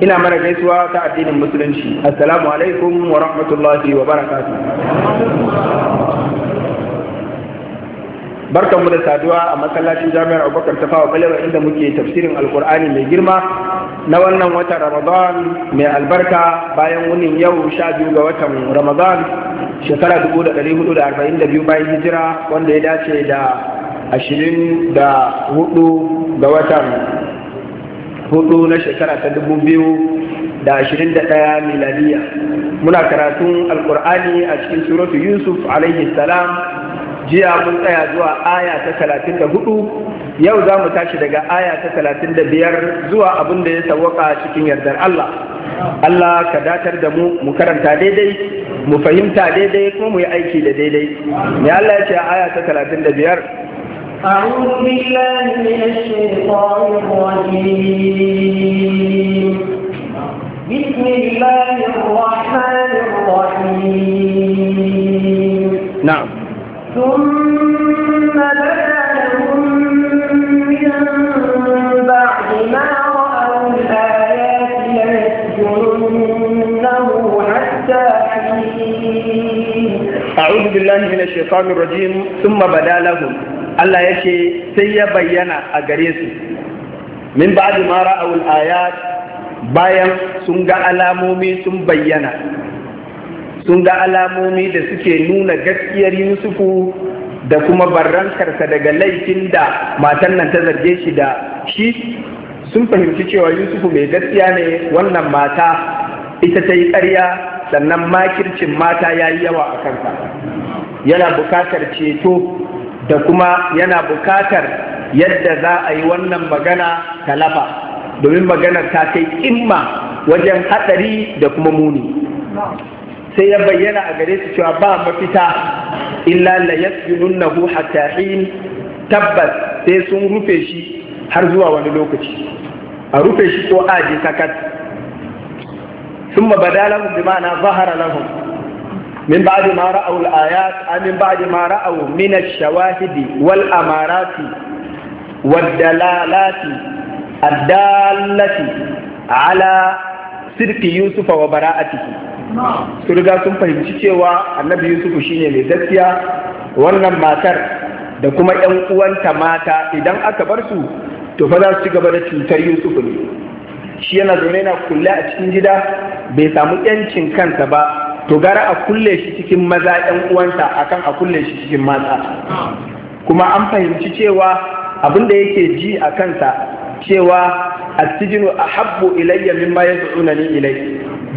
ina mana gaisuwa ta addinin musulunci assalamu alaikum wa rahmatullahi wa barakatu mu da saduwa a masallacin jami'ar abubakar ta fawa kalewa inda muke tafsirin alkur'ani mai girma na wannan watan ramadan mai albarka bayan wunin yau sha biyu ga watan ramadan shekara 1442 bayan hijira wanda ya dace da ashirin da hudu ga watan hudu na shekara ta dubu biyu da ashirin da ɗaya miladiya muna karatun alkur'ani a cikin suratu yusuf alaihi salam jiya mun tsaya zuwa aya ta talatin da hudu yau za mu tashi daga aya ta talatin da biyar zuwa abin da ya sawwaka cikin yardar allah allah ka datar da mu mu karanta daidai mu fahimta daidai kuma mu yi aiki da daidai ne allah ya ce aya ta talatin da biyar أعوذ بالله من الشيطان الرجيم بسم الله الرحمن الرحيم نعم ثم بدا لهم من بعد ما رأوا الآيات ليسجننه حتى حين أعوذ بالله من الشيطان الرجيم ثم بدا لهم Allah ya ce sai ya bayyana a gare su min ba'di ma ra'awul ayat bayan sun ga alamomi sun bayyana sun ga alamomi da suke nuna gaskiyar Yusufu da kuma barrankarsa daga laifin da matan nan ta zarge shi da shi sun fahimci cewa Yusufu mai gaskiya ne wannan mata ita ta yi ƙarya sannan makircin mata ya yi yawa a kansa yana bukatar ceto da kuma yana bukatar yadda za a yi wannan magana ta lafa domin maganar ta kai imma wajen haɗari da kuma muni sai ya bayyana a gare su cewa ba mafita illa la yasjununahu hatta hin tabbas sai sun rufe shi har zuwa wani lokaci a rufe shi ko aji sakat ثم بدا لهم بمعنى ظهر لهم من بعد ما رأوا الآيات من بعد ما رأوا من الشواهد والأمارات والدلالات الدالة على صدق يوسف وبراءته su riga sun fahimci cewa annabi yusufu shine mai gaskiya wannan matar da kuma 'yan uwanta mata idan aka bar su to fa za su ci gaba da cutar yusufu ne shi yana zaune yana kulle a cikin gida bai samu 'yancin kansa ba to gara a kulle shi cikin maza ɗan uwansa akan a kulle shi cikin mata kuma an fahimci cewa abin da yake ji a kansa cewa a habbu ilayya mimma ni ilai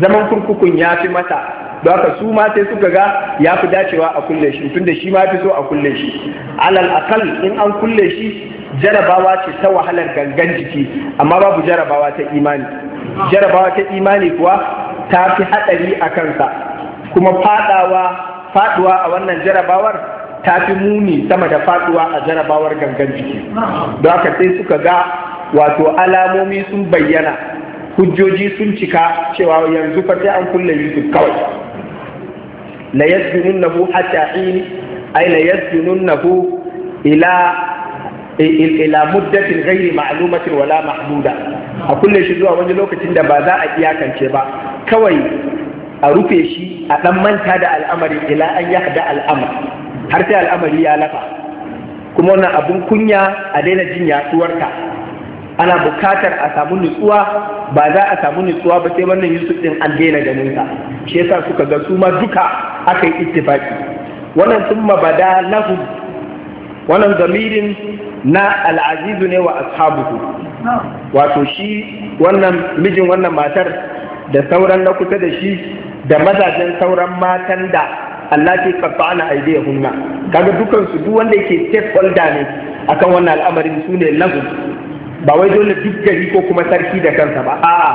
zaman kurkukun ya fi mata don haka su ma sai suka ga ya fi dacewa a kulle shi tunda shi ma fi so a kulle shi alal akal in an kulle shi jarabawa ce ta wahalar gangan jiki amma babu jarabawa ta imani jarabawa ta imani kuwa ta fi haɗari a kansa kuma fadawa faduwa a wannan jarabawar ta fi muni sama da faduwa a jarabawar gangan jiki don haka sai suka ga wato alamomi sun bayyana hujjoji sun cika cewa yanzu fa sai an kulle yusuf kawai la nahu hatta in ay la nahu ila ila muddatin ghairi ma'lumatin wala mahduda a kulle shi zuwa wani lokacin da ba za a iyakance ba kawai a rufe shi a ɗan manta da al'amari ila an ya da al'amari har sai al'amari ya lafa kuma wannan abin kunya a daina jin yatsuwarta ana bukatar a samu nutsuwa ba za a samu nutsuwa ba sai wannan yusuf ɗin an daina ganinsa shi yasa suka ga su ma duka aka yi ittifaki wannan sun mabada lahu wannan zamirin na al'azizu ne wa ashabuhu wato shi wannan mijin wannan matar da sauran na kusa da shi da mazajen sauran matan da Allah ke kafa ana aidiya hunna kaga dukan su duk wanda yake stakeholder ne akan wannan al'amarin su ne lahu ba wai dole duk gari ko kuma sarki da kansa ba a'a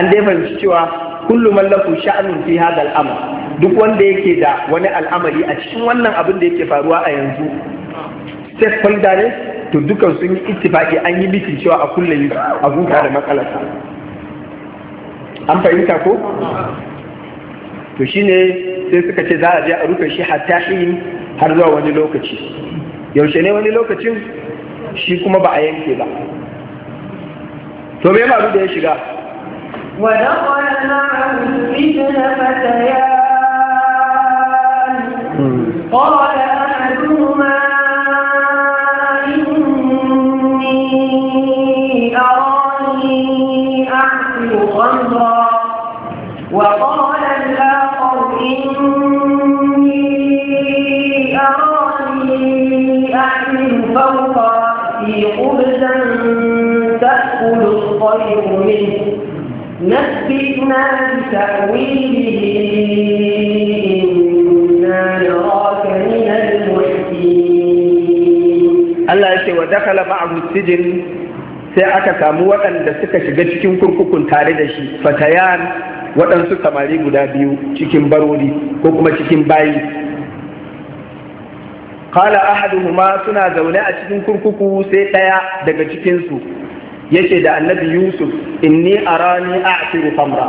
an dai fahimci cewa kullu mallaku sha'anin fi hadha al'amr duk wanda yake da wani al'amari a cikin wannan abin da yake faruwa a yanzu stakeholder ne to dukan sun yi ittifaki an yi bikin cewa a kullum a da matsalarsa an fahimta ko to shine sai suka ce za a je a rufe shi hatta shi har zuwa wani lokaci yaushe ne wani lokacin shi kuma ba a yanke ba to me ma da ya shiga ودخل na وقال الآخر إني أراني أحمل فوق رأسي خبزا تأكل الطير منه نبئنا بتأويله إنا نراك من المحسنين الله يقول ودخل معه السجن sai aka samu waɗanda suka shiga cikin kurkukun tare da shi fatayan waɗansu samari guda biyu cikin barori ko kuma cikin bayi kala ahaduhuma suna zaune a cikin kurkuku sai ɗaya daga cikinsu yake da annabi yusuf inni arani Asiru famra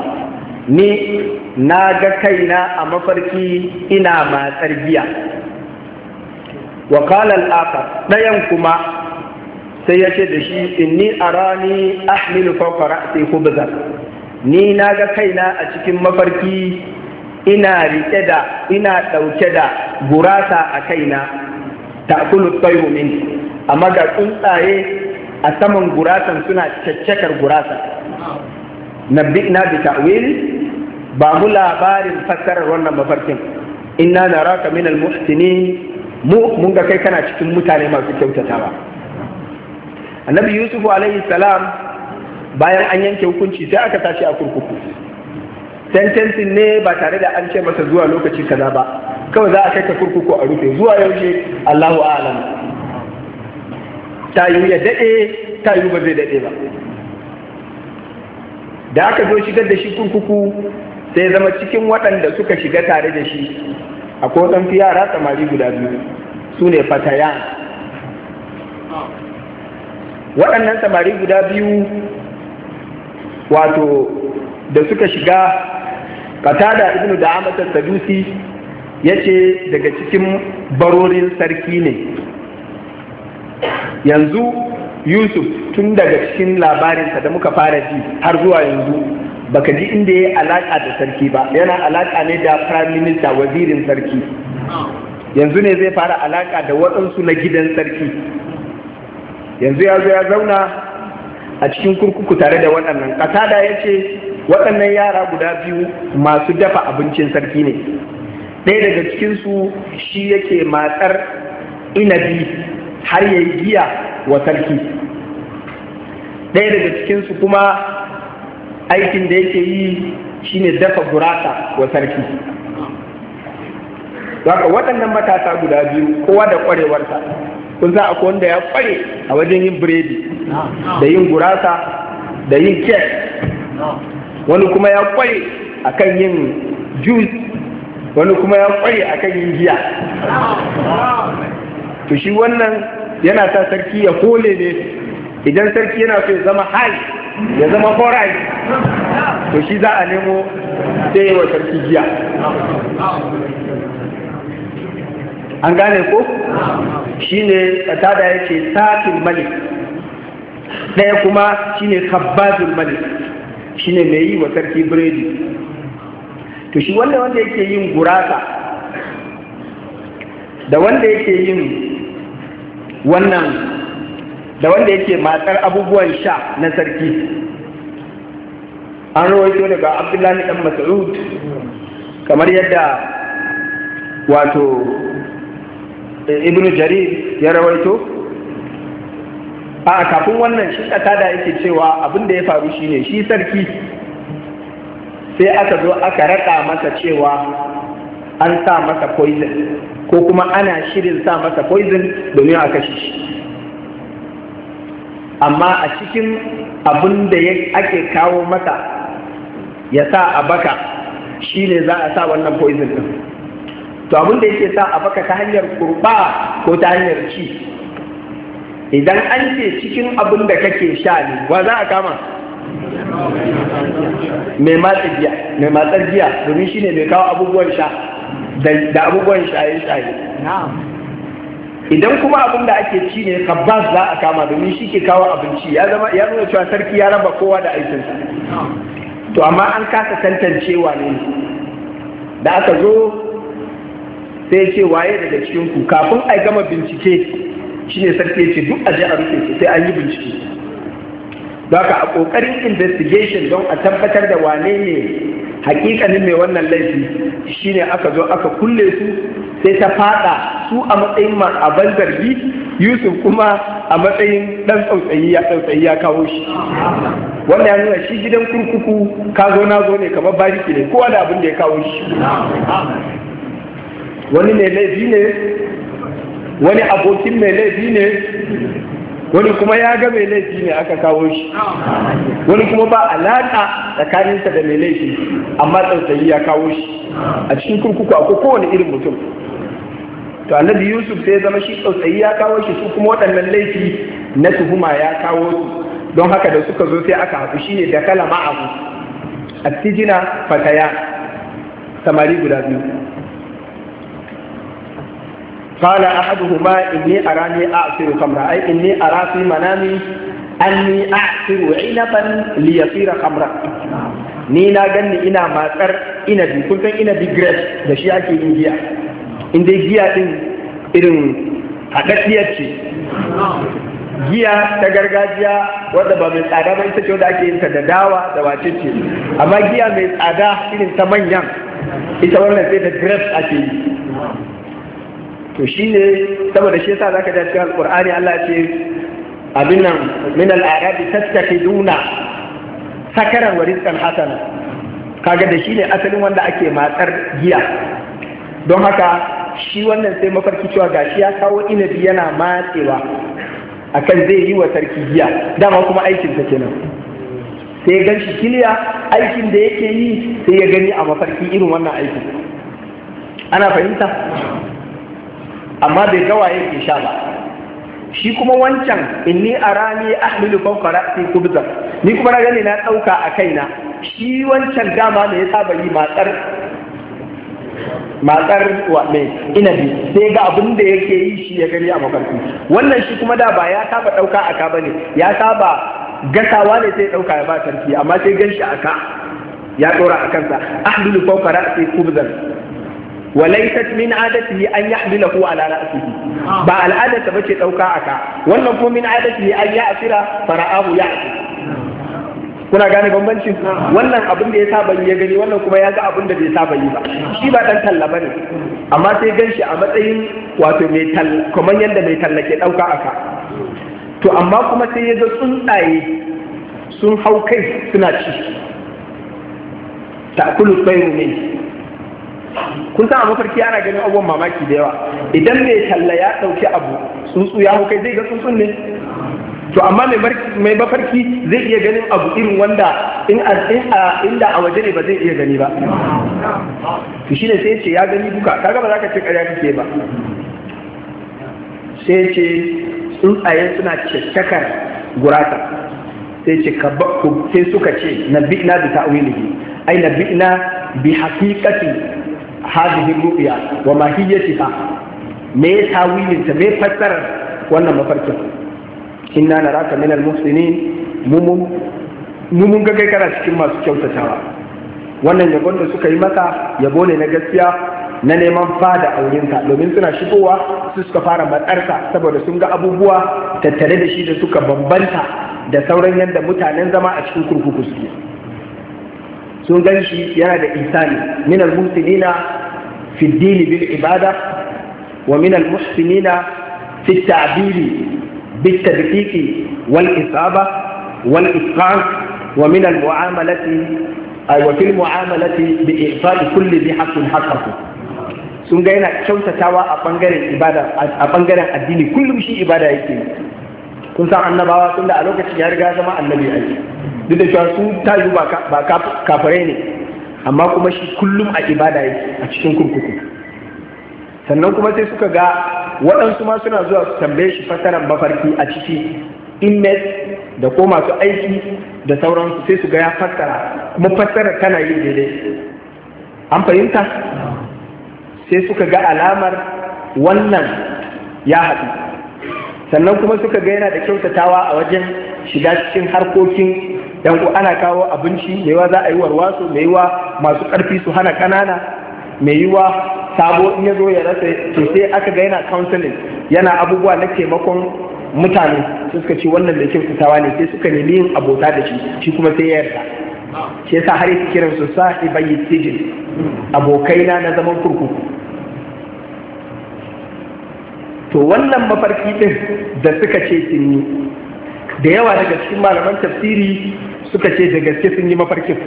ni na ga kaina a mafarki ina matsar giya wakalar aka ɗayan kuma sai yake da shi inni arani ahmilu fawqa sai khubzan ni na ga kaina a cikin mafarki ina rike da ina ɗauke da gurasa a kaina ta kulu min amma ga tsuntsaye a saman gurasan suna caccakar gurasa Na bi ta'wil ba mu labarin fassarar wannan mafarkin inna naraka min al mu mun ga kai kana cikin mutane masu kyautatawa annabi yusuf alaihi salam bayan an yanke hukunci sai aka tashi a kurkuku sentencing ne ba tare da an ce masa zuwa lokaci kaza ba kawai za a kai ta kurkuku a rufe zuwa yaushe Allahu a'lam ta ya dade ta ba zai dade ba da aka zo shigar da shi kurkuku sai zama cikin waɗanda suka shiga tare da shi a waɗansu yara samari guda biyu su ne fatayan waɗannan samari guda biyu wato da suka shiga katada ibn da amatar sadusi ya ce daga cikin barorin sarki ne yanzu yusuf tun daga cikin labarinsa da muka fara ji har zuwa yanzu baka ji inda ya alaƙa da sarki ba yana alaƙa ne da prime minister wazirin sarki yanzu ne zai fara alaƙa da waɗansu na gidan sarki yanzu ya zo ya zauna a cikin kurkuku tare da waɗannan da ya ce waɗannan yara guda biyu masu dafa abincin sarki ne ɗaya daga cikinsu shi yake matsar inabi har ya yi giya wa sarki ɗaya daga cikinsu kuma aikin da yake yi shi ne dafa gurasa wa sarki waɗannan matasa guda biyu kowa da ƙwarewarsa kun a ko wanda ya kware a wajen yin biredi da yin gurasa da yin kek wani kuma ya kware akan yin jus wani kuma ya kware akan yin giya to shi wannan yana ta sarki ya kole ne idan sarki yana so ya zama high ya zama horai to shi za a nemo sai yi wa sarki jiya. an gane ko shine tada yake satin malik ɗaya kuma shine kabbazul malik shine mai yi wa sarki biredi to shi wanda wanda yake yin gurasa da wanda yake yin wannan da wanda yake matsar abubuwan sha na sarki an rawaito daga abdullahi dan mas'ud kamar yadda wato ibnu jarir ya rawaito a kafin wannan shi da yake cewa abin da ya faru shine shi sarki sai aka zo aka raka masa cewa an sa masa poison ko kuma ana shirin sa masa poison domin a kashe shi amma a cikin abin da ake kawo mata, ya sa a baka shine ne za a sa wannan poison ɗin to abin da yake sa a baka ta hanyar kurba ko ta hanyar ci idan an ce cikin abin da kake sha ne wa za a kama mai matsa mai matsar giya domin shine mai kawo abubuwan sha da abubuwan shaye-shaye idan kuma abin da ake ci ne kabbas za a kama domin shi ke kawo abinci ya zama ya nuna cewa sarki ya raba kowa da aikin to amma an kasa tantancewa ne da aka zo sai ce waye daga cikin ku kafin a gama bincike shi ne sarki ce duk aje a rufe su sai an yi bincike don ka a ƙoƙarin investigation don a tabbatar da wane ne hakikanin mai wannan laifi ne aka zo aka kulle su sai ta fada su a matsayin abin zargi yusuf kuma a matsayin dan tsautsayi ya tsautsayi ya kawo shi wannan ya nuna shi gidan kurkuku ka zo na zo ne kamar bariki ne kowa da abin da ya kawo shi wani mai laifi ne wani abokin mai laifi ne wani kuma ya ga mai laifi ne aka kawo shi wani kuma ba alaƙa tsakaninsa da mai laifi amma tsautsayi ya kawo shi a cikin kurkuku akwai kowane irin mutum to annabi yusuf sai zama shi tsautsayi ya kawo shi su kuma waɗannan laifi na tuhuma ya kawo su don haka da suka zo sai aka haɗu ne da kalama abu. a tijina fataya samari guda biyu قال أحدهما إني أراني أعصر خمرا أي إني أرى في منامي أني أعصر عنبا ليصير خمرا ni na ganni ina matsar inabi kun san inabi grapes da shi ake giya in dai giya din irin haɗaɗɗiyar ce giya ta gargajiya wadda ba mai tsada ba ita ce wadda ake yin ta da dawa da wace ce amma giya mai tsada irin ta manyan ita wannan sai da grapes ake yi to shi ne saboda shi yasa zaka cikin alqur'ani Allah ce abin nan min al-arabi tattakhiduna sakaran wa rizqan hasana kaga da shi ne asalin wanda ake matsar giya don haka shi wannan sai mafarki cewa gashi ya kawo inabi yana matsewa akan zai yi wa sarki giya dama kuma aikin ta kenan sai gan shi kiliya aikin da yake yi sai ya gani a mafarki irin wannan aikin ana fahimta amma bai ga yake sha ba shi kuma wancan inni arani ahmilu fawqa ra'si kubza ni kuma na gani na dauka a kaina shi wancan dama da ya saba yi matsar matsar wa me inabi sai ga abin da yake yi shi ya gari a mafarki wannan shi kuma da ba ya saba dauka a ka bane ya saba gasawa ne sai dauka ya ba sarki amma sai ganshi a ka ya dora a kansa ahlul fawqa ra'si kubzan walaysat min adatihi an yahmilahu ala ra'sihi ba al'adarsa bace dauka aka wannan ko min adatihi an ya'sira fara'ahu ya'sir kuna gane bambanci wannan abin da ya saba yi ya gani wannan kuma ya ga abin da bai saba yi ba shi ba dan talla bane amma sai gan shi a matsayin wato mai tal kamar yanda mai talla ke dauka aka to amma kuma sai ya ga tsuntsaye sun hau kai suna ci ta'kulu tsayu ne kun san a mafarki ana ganin abubuwan mamaki da yawa idan mai talla ya ɗauki abu tsuntsu ya kai zai ga tsuntsun ne to amma mai mafarki zai iya ganin abu irin wanda in inda a waje ne ba zai iya gani ba to ne sai ce ya gani duka kaga ba za ka ce ƙarya kake ba sai ce tsuntsaye suna cakkakar gurata sai ce sai suka ce na bi bi ta'wilihi ai na bi bi haqiqati hadihi rubiya wa mahiyatiha me tawilin ta me fassarar wannan mafarkin inna naraka minal muhsinin mumun mun ga kai kana cikin masu kyautatawa wannan yabon da suka yi maka yabo ne na gaskiya na neman fada aurenka domin suna shigowa su suka fara matsarsa saboda sun ga abubuwa tattare da shi da suka bambanta da sauran yadda mutanen zama a cikin kurkuku suke sun gan shi yana da insani min al-muhsinina fi dini bil ibada wa min al-muhsinina fi ta'biri bil tadqiqi wal isaba wal itqan wa min al-mu'amalati ay wa fil mu'amalati bi ihsani kulli bi haqqin haqqahu sun ga yana kyautatawa a bangaren ibada a bangaren addini kullum shi ibada yake kun san annabawa tunda a lokacin ya riga zama annabi aiki duk da cewa sun tayu ba kafare ne amma kuma shi kullum a ibada yake a cikin kurkuku sannan kuma sai suka ga waɗansu ma suna zuwa su tambaye shi fasaran mafarki a ciki inmet da ko masu aiki da sauransu sai su ga ya fassara kuma fassara tana yin daidai an fahimta sai suka ga alamar wannan ya haɗu sannan kuma suka ga yana da kyautatawa a wajen shiga cikin harkokin yan ana kawo abinci mai yiwa za a yi warwaso mai yiwa masu karfi su hana kanana mai yiwa sabo in ya zo ya rasa to sai aka ga yana counseling yana abubuwa na taimakon mutane su suka ce wannan da ke fitawa ne sai suka nemi yin abota da shi shi kuma sai ya yarda shi yasa har yake kiran su sahibai sijin abokaina na zaman kurkuku to wannan mafarki din da suka ce sun da yawa daga cikin malaman tafsiri suka ce da gaske sun yi mafarkin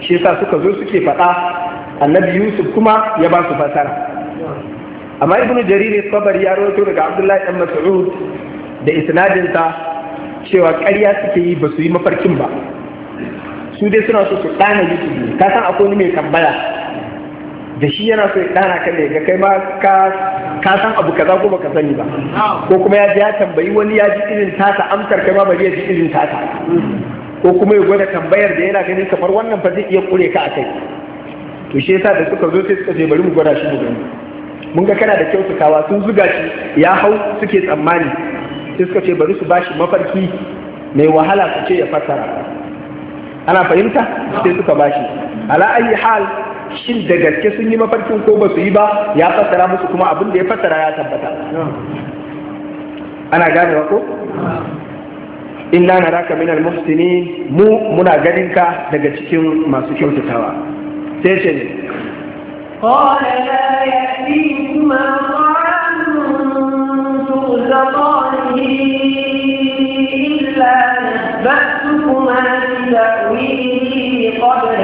shi yasa suka zo suke faɗa annabi yusuf kuma ya ba su fasara amma ibn jarir sabar ya rawaito daga abdullahi dan mas'ud da isnadinsa cewa ƙarya suke yi ba su yi mafarkin ba su dai suna so su ɗana yusuf ne ka san akwai wani mai tambaya da shi yana so ya dana kan da ya kai ma ka san abu kaza ko baka sani ba ko kuma ya ya tambayi wani ya ji irin tata amsar kai ma bari ya ji irin tata ko kuma ya gwada tambayar da yana ganin kamar wannan fa zai iya kure ka kai. to shi yasa da suka zo sai suka je bari mu gwada shi mu gani mun ga kana da kyautatawa sun zuga shi ya hau suke tsammani sai suka ce bari su bashi mafarki mai wahala su ce ya fassara ana fahimta sai suka bashi ala ayi hal shin da gaske sun yi mafarkin ko ba su yi ba ya fassara musu kuma abin da ya fassara ya tabbata ana gane ko inna naraka minal muhsinin mu muna ganin ka daga cikin masu kyautatawa sai ce ne قال لا يأتيكما طعام ترزقانه إلا نبأتكما بتأويله قبل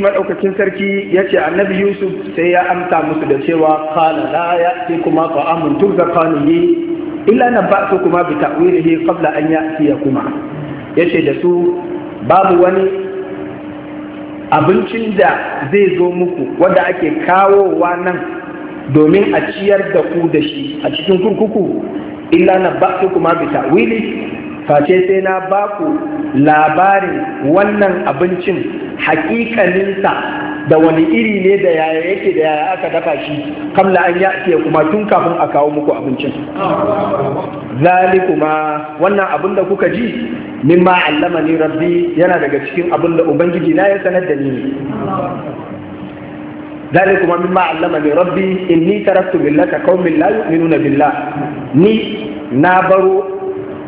madaukakin sarki ya ce annabi yusuf sai ya amsa musu da cewa qala la ce kuma kanu yi, illa na ba su kuma bi ta'wilihi qabla an ya kuma Ya ce da su babu wani abincin da zai zo muku wanda ake kawowa nan domin a ciyar da ku da shi a cikin kurkuku illa na ba su kuma bi ta'wili face sai na ba ku labarin wannan abincin hakikaninsa da wani iri ne da yaya yake da yaya aka dafa shi kamla an ya kuma tun kafin a kawo muku abincin zalikuma wannan abin da kuka ji min allama ni rabbi yana daga cikin abin da ubangiji na ya sanar da ni ذلكما مما علمني rabbi, إني تركت ملة قوم لا min layu ni na baro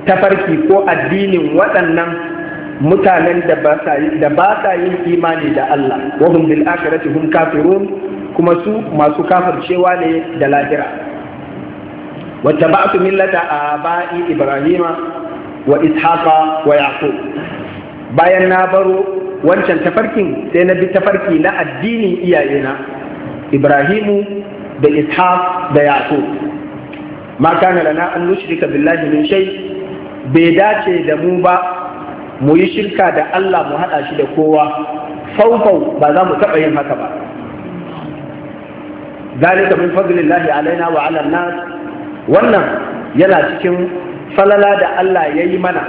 tafarki ko addinin waɗannan mutanen da ba sa yin imani da Allah wahum bil akhirati hum kafirun kuma su masu kafircewa ne da lahira wata ba'atu millata aba'i ibrahima wa ishaqa wa yaqub bayan na baro wancan tafarkin sai na bi tafarki na addinin iyayena ibrahimu da ishaq da yaqub ma kana lana an nushrika billahi min shay bai dace da mu ba mu yi shirka da Allah mu haɗa shi da kowa faufau ba za mu taɓa yin haka ba ذلك من فضل alaina wa ala nas wannan yana cikin falala da Allah ya yi mana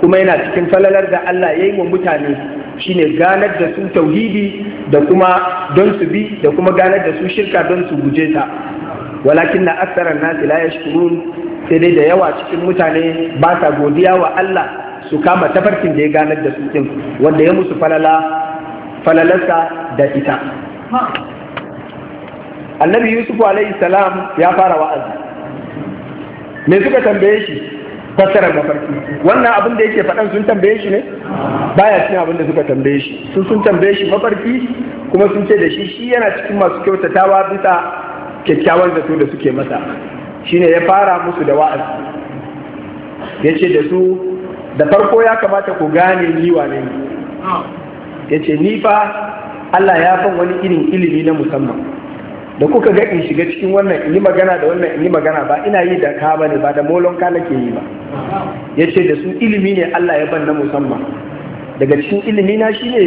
kuma yana cikin falalar da Allah ya yi wa mutane shine ganar da su tauhidi da kuma don su bi da kuma ganar da su shirka don su guje ta walakin na aksarar nasi la yashkurun sai dai da yawa cikin mutane ba sa godiya wa Allah su kama tafarkin da ya ganar da su din wanda ya musu falala falalarsa da ita annabi yusuf alaihi salam ya fara wa'azi me suka tambaye shi fassarar mafarki wannan abin da yake faɗan sun tambaye shi ne baya cin abin da suka tambaye shi sun sun tambaye shi mafarki kuma sun ce da shi shi yana cikin masu kyautatawa bisa kyakkyawan zato da suke masa shine ya fara musu da wa'azi ya ce da su da farko ya kamata ku gane ni wane ne ya ce ni fa Allah ya ban wani irin ilimi na musamman da kuka ga in shiga cikin wannan in yi magana da wannan in yi magana ba ina yi da ka bane ba da molon ka nake yi ba ya ce da su ilimi ne Allah ya ban na musamman daga cikin ilimi na shi ne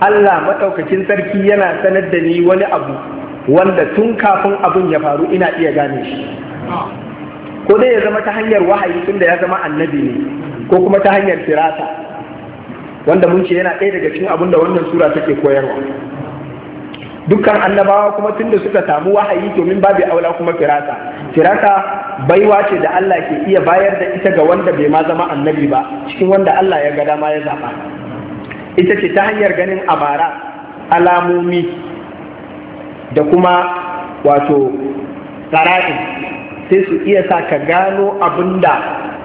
Allah maɗaukakin sarki yana sanar da ni wani abu wanda tun kafin abun ya faru ina iya gane shi ko dai ya zama ta hanyar wahayi tun da ya zama annabi ne ko kuma ta hanyar firata wanda mun ce yana ɗaya daga cikin abin da wannan sura take koyarwa dukkan annabawa kuma tun da suka samu wahayi domin babu aula kuma firata firata baiwa ce da Allah ke iya bayar da ita ga wanda bai ma zama annabi ba cikin wanda Allah ya ga dama ya zaba ita ce ta hanyar ganin abara alamomi da kuma wato tsara'in sai su iya sa ka gano abin da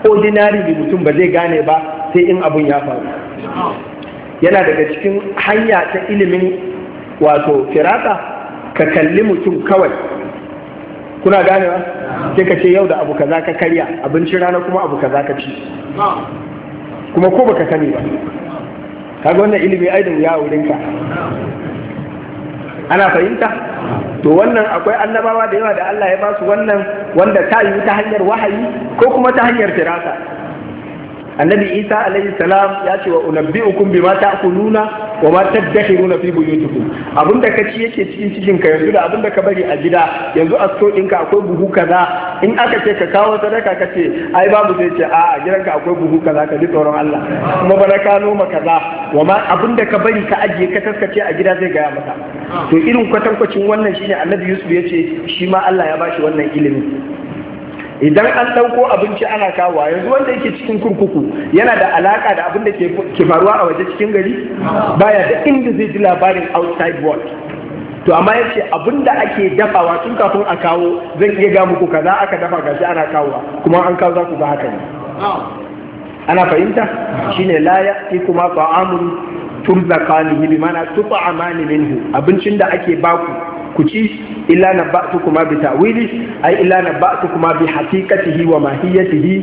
ordinary mutum ba zai gane ba sai in abin ya faru yana daga cikin hanya ta ilimin wato firata ka kalli mutum kawai kuna ganewa sai ka ce yau da abu kaza ka karya abincin rana kuma abu kaza ka ci kuma ko baka sani ba kaga wannan ilimi aidin ya wurinka ana fahimta to wannan akwai annabawa da yawa da Allah ya ba su wannan wanda ta yi ta hanyar wahayi ko kuma ta hanyar firasa annabi isa alaihi salam ya ce wa unabbi'ukum bima ta'kuluna wa ma tadakhiruna fi buyutikum abinda ka ci yake cikin cikin ka yanzu da da ka bari a gida yanzu a sto ɗinka akwai buhu kaza in aka ce ka kawo sadaka ka ce ai babu zai ce a a gidanka akwai buhu kaza ka ji tsoron Allah kuma bana ka noma kaza wa ma abinda ka bari ka ajiye ka taskace a gida zai gaya maka to irin kwatankwacin wannan shine annabi yusuf ya ce shi ma Allah ya bashi wannan ilimi idan an ɗauko abinci ana kawo yanzu wanda yake cikin kurkuku yana da alaka da abin da ke faruwa a waje cikin gari baya da inda zai ji labarin outside world to amma yace abin da ake dafawa tun kafin a kawo zan iya ga muku kaza aka dafa gashi ana kawowa kuma an kawo za ku ga haka ne ana fahimta shine la ya'ti kuma fa'amun turzaqanihi bi mana amani minhu abincin da ake baku ku ci illa na ba'tu kuma bi ta'wili ai illa na ba'tu kuma bi haqiqatihi wa mahiyatihi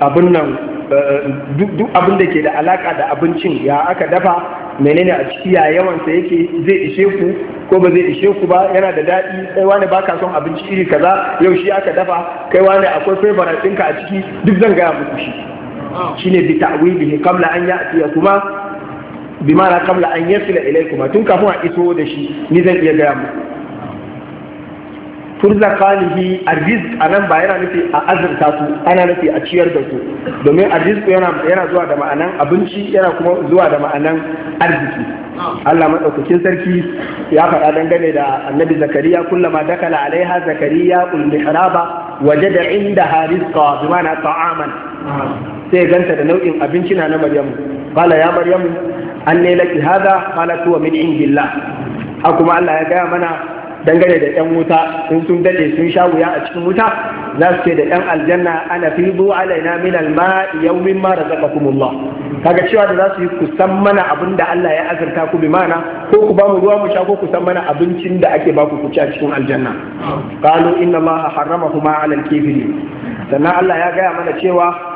abun nan eh, duk abin da ke da alaka da abincin ya aka dafa menene a ciki ya yawansa yake zai ishe ku ko ba zai ishe ku ba yana da daɗi kai wani baka son abinci iri kaza yau shi aka dafa kai wani akwai favorite ɗinka a ciki duk zan gaya muku shi shine bi ta'wili kamla an ya kuma Bima ma'ana qabla an yasila kuma tun kafin a iso da shi ni zan iya gaya muku turzaqanihi arrizq anan ba yana nufi a azurta su ana nufi a ciyar da su domin arrizq yana yana zuwa da ma'anan abinci yana kuma zuwa da ma'anan arziki Allah madaukakin sarki ya faɗa dangane da annabi zakariya kullama dakala alaiha zakariya ul mihraba wajada inda rizqa bima ma'ana ta'aman sai ganta da nau'in abinci na na maryamu qala ya maryamu An ne laki hadha qalat huwa min indillah a kuma Allah ya gaya mana dangane da yan wuta in sun dade sun sha wuya a cikin wuta za su ce da yan aljanna ana fidu alaina min alma yawmin ma razaqakumullah kaga cewa da za su yi kusan mana abin da Allah ya azurta ku bi mana ko ku ba mu ruwa mu sha ko kusan mana abincin da ake baku ku ci a cikin aljanna qalu inna ma haramahuma ala alkafiri sannan Allah ya gaya mana cewa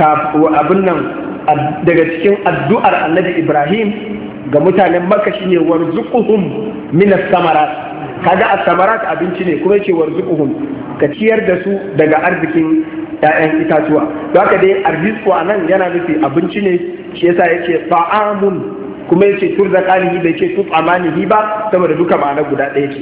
abin nan daga cikin addu'ar annabi ibrahim ga mutanen makka shine warzuquhum min as-samarat kaga as-samarat abinci ne kuma yake warzuquhum ka ciyar da su daga arzikin ‘ya'yan itatuwa don haka dai arzikin a nan yana nufi abinci ne shi yasa ya ce ta'amun kuma ya ce da yake bai ce ba saboda duka ma'ana guda ɗaya ce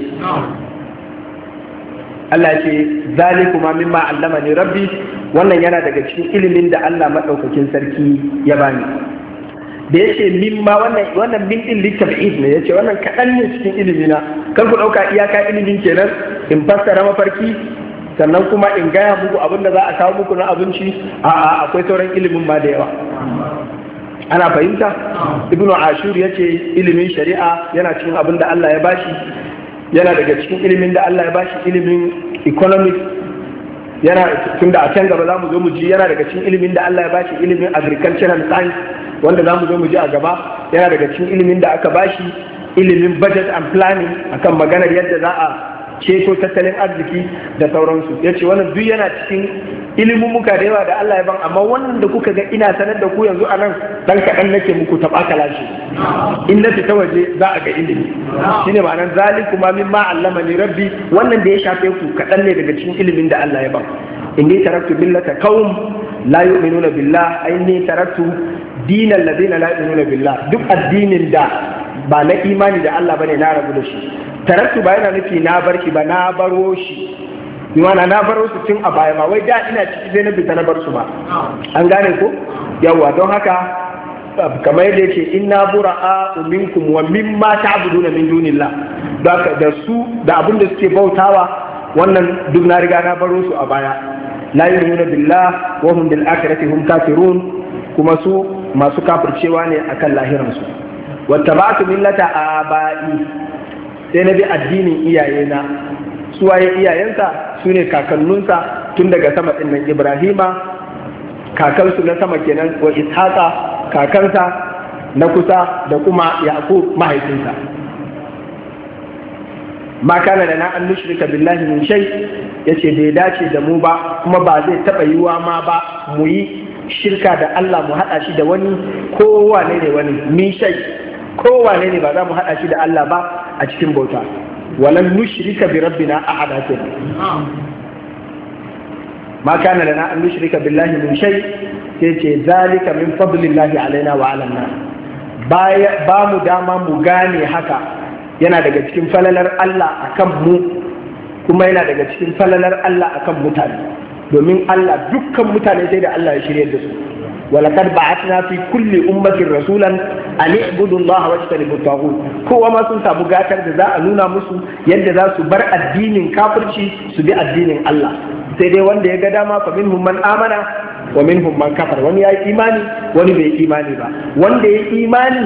Allah ce zali kuma mimma allama ne rabbi wannan yana daga cikin ilimin da Allah maɗaukakin sarki ya bani da ya ce min ma wannan wannan min din litab'id ne ya ce wannan kaɗan ne cikin ilimina Kar ku ɗauka iyaka ilimin kenan in fassara mafarki sannan kuma in gaya muku abin da za a kawo muku na abinci a'a akwai sauran ilimin ma da yawa ana fahimta ibnu ashur ya ce ilimin shari'a yana cikin abin da Allah ya bashi yana daga cikin ilimin da Allah ya bashi ilimin economics yana tunda a can gaba za mu zo mu ji yana daga cikin ilimin da Allah ya ba shi ilimin agricultural science wanda za mu zo mu ji a gaba yana daga cikin ilimin da aka ba shi ilimin budget and planning akan maganar yadda za a ceto tattalin arziki da sauransu ya ce wannan duk yana cikin ilimin muka da yawa da Allah ya ban amma wannan da kuka ga ina sanar da ku yanzu a nan dan kaɗan nake muku taɓa kalashi in na ta waje za a ga ilimi ne ma'anar zali kuma min ma allama ni rabbi wannan da ya shafe ku kaɗan ne daga cikin ilimin da Allah ya ban In ni taraktu billata kaum la yu'minuna billah inni taraktu dinal ladina la yu'minuna billah duk addinin da ba na imani da Allah bane na rabu da shi taraktu ba yana nufi na barki ba na baro shi bimana na bar wasu tun a baya ma wai da ina ciki sai na bita na bar su ba an gane ko yawwa don haka kamar yadda yake inna bura'a minkum wa mimma ta'buduna min dunillah da su da abin da suke bautawa wannan duk na riga na baro su a baya la yu'minuna billah wa hum bil akhirati hum kafirun kuma su masu kafircewa ne akan lahiran su wattaba'tu a aba'i sai na bi addinin iyayena su waye iyayensa su ne kakanninsa tun daga sama ɗin nan ibrahima kakansu na sama kenan wa ishaqa kakansa na kusa da kuma yaqub mahaifinsa ma kana da na an nushrika billahi min shay yace bai dace da mu ba kuma ba zai taba yiwa ma ba mu yi shirka da Allah mu hada shi da wani ko wane ne wani min shay ko wane ne ba za mu hada shi da Allah ba a cikin bauta walan nushrika bi rabbina ahada kenan ma kana lana an nushrika billahi min shay sai ce zalika min fadlillahi alaina wa ala nas dama mu gane haka yana daga cikin falalar Allah akan mu kuma yana daga cikin falalar Allah akan mutane domin Allah dukkan mutane sai da Allah ya shirya da su Wala sadu ba'a fi kulle ummatin rasulan Ali ibudun laha wancisanin mutuwa ku. Kowa ma sun sa mu ga za a nuna musu yadda za su bar addinin kafurci su bi addinin Allah. Sai dai wanda ya ga dama fa min hurman amana, wa min hurman kasar. Wani ya imani, wani bai yi imani ba. Wanda ya imani imanin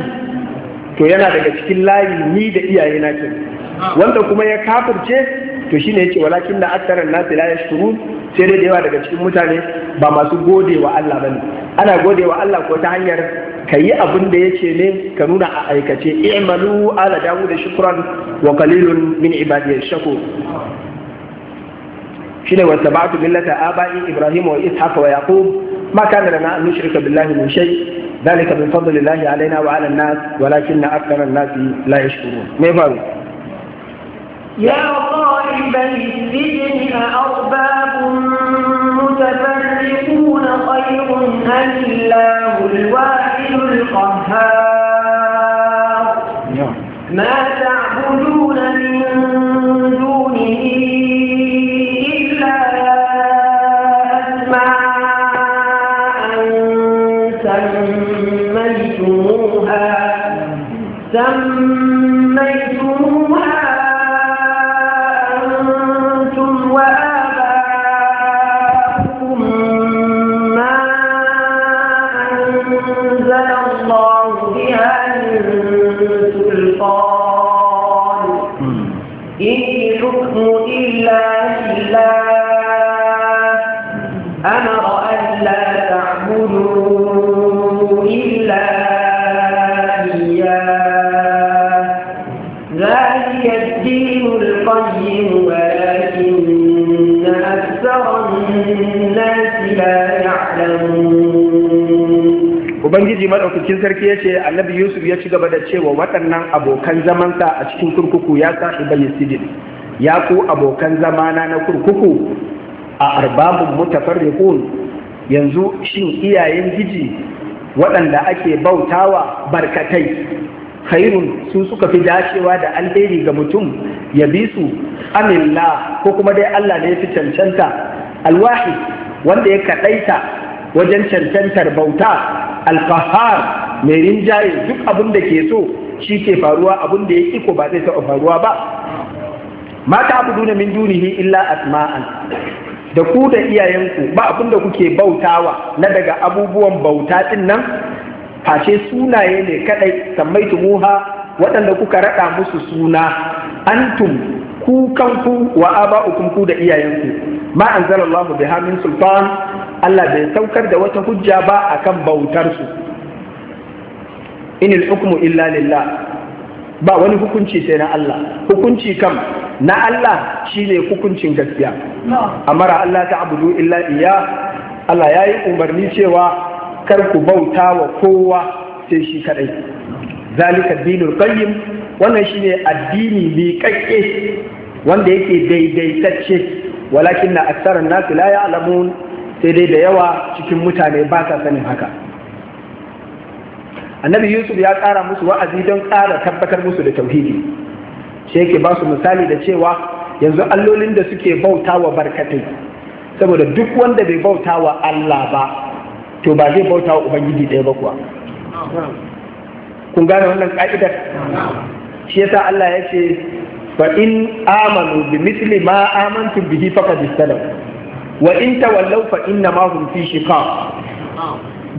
to yana daga cikin layi ni da iyayena ke. Wanda kuma ya kafurce to shine wala kin na attarar na filaye shiru. Sai dai da yawa daga cikin mutane. ba masu gode wa Allah bane ana gode wa Allah ko ta hanyar ka yi abin da ya ce ne ka nuna a aikace i'malu ala dawud shukran wa min shine wa tabatu millata abai ibrahim wa ishaq wa yaqub ma kana lana an nushrika billahi min shay ذلك يا السجن المتفرقون خير أم الله الواحد القهار نعم. ما ubangiji maɗaukakin sarki ya ce, annabi yusuf ya ci gaba da cewa waɗannan abokan zamansa a cikin kurkuku ya sa bayan sidin ya ku abokan zamana na kurkuku a arbabun mutafarriqun yanzu shin iyayen giji waɗanda ake bautawa barkatai khairun sun suka fi dacewa da alheri ga mutum ya bi su amilla ko kuma dai Allah ne ya fi cancanta alwahi wanda ya kaɗaita wajen cancantar bauta Alfahar mai rinjaye duk abin da ke so shi ke faruwa abin da ya iko ba zai taɓa faruwa ba mata abu duna min dunihi illa asma'an da ku da iyayenku ba abin da kuke bautawa na daga abubuwan bauta din nan Fashe sunaye ne kadai sammai tumuha waɗanda kuka raɗa musu suna antum ku kanku wa ku da iyayenku ma anzalallahu biha min sultan Allah bai saukar da wata hujja ba akan bautarsu inil hukmu illa lillah ba wani hukunci sai na Allah hukunci kam na Allah shine hukuncin gaskiya amara Allah ta abudu illa iya Allah ya yi umarni cewa kar ku bauta wa kowa sai shi kadai zalika dinul qayyim wannan shine addini bi kakke wanda yake daidaitacce walakin na aksarar nasu la ya'lamun sai dai da yawa cikin mutane ba sa sanin haka annabi yusuf ya ƙara musu wa'azi don ƙara tabbatar musu da tauhidi shi yake ba su misali da cewa yanzu allolin da suke bauta wa barkatai saboda duk wanda bai bauta wa allah ba to ba zai bauta wa ubangiji ɗaya ba kuwa kun gane wannan ƙa'idar shi yasa Allah ya ce fa in amanu bi misli ma amantum bihi faqad istalaw wa in tawallaw fa inna ma hum fi shiqaq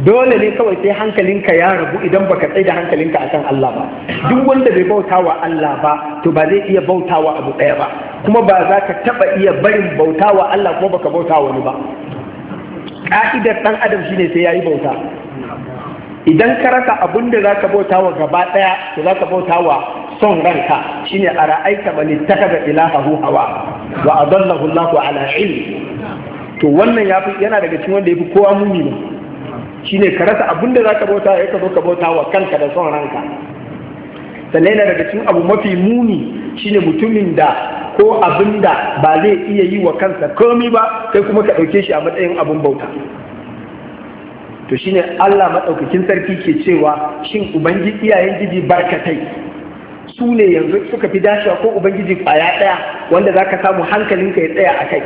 dole ne kawai sai hankalinka ya rabu idan baka tsaye da hankalinka akan Allah ba duk wanda bai bauta wa Allah ba to ba zai iya bauta wa abu ɗaya ba kuma ba za ka taɓa iya barin bauta wa Allah kuma baka bauta wani ba ka'idar ɗan adam shine sai yi bauta idan ka rasa abun da za ka bauta wa gaba ɗaya to za ka bauta wa son ranka shine ara'aita man ittakaza ilahahu hawa wa adallahu Allahu ala ilmi to wannan yafi yana daga cikin wanda yafi kowa muni ne shine ka rasa abin da zaka bauta ya ka zo ka bauta wa kanka da son ranka sannan yana daga cikin abu mafi muni shine mutumin da ko abin da ba zai iya yi wa kansa komi ba kai kuma ka ɗauke shi a matsayin abin bauta to shine Allah maɗaukakin sarki ke cewa shin ubangiji iyayen jiji barkatai su ne yanzu suka fi dacewa ko ubangiji kwaya ɗaya wanda za ka samu hankalinka ya tsaya a kai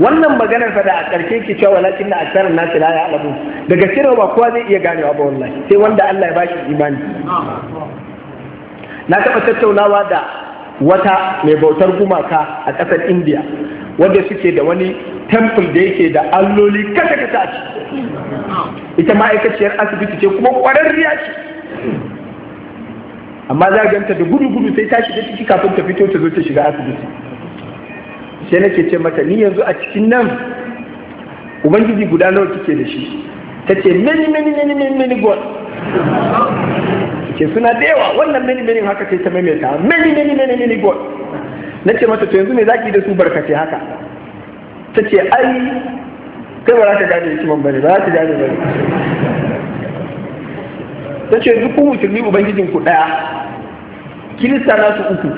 wannan maganar fa da a ƙarshe ke cewa walakin na asharar nasu la alamu. daga sirra ba kowa zai iya ganewa ba wallahi sai wanda Allah ya ba bashi imani na taɓa tattaunawa da wata mai bautar gumaka a ƙasar Indiya wanda suke da wani temple da yake da alloli kasa kasa a ciki ita ma'aikaciyar asibiti ce kuma ƙwararriya ce amma za ganta da gudu gudu sai ta shiga ciki kafin ta fito ta zo ta shiga asibiti sai nake ce mata ni yanzu a cikin nan ubangiji guda nawa kike da shi ta ce many many many many many god ke suna da yawa wannan many many haka sai ta maimaita many many many many god na ce mata to yanzu me zaki da su barkace haka ta ce ai kai ba za ka gane hikiman bane ba za ta gane bane ta ce duk ku musulmi ubangijin ku ɗaya kirista na su uku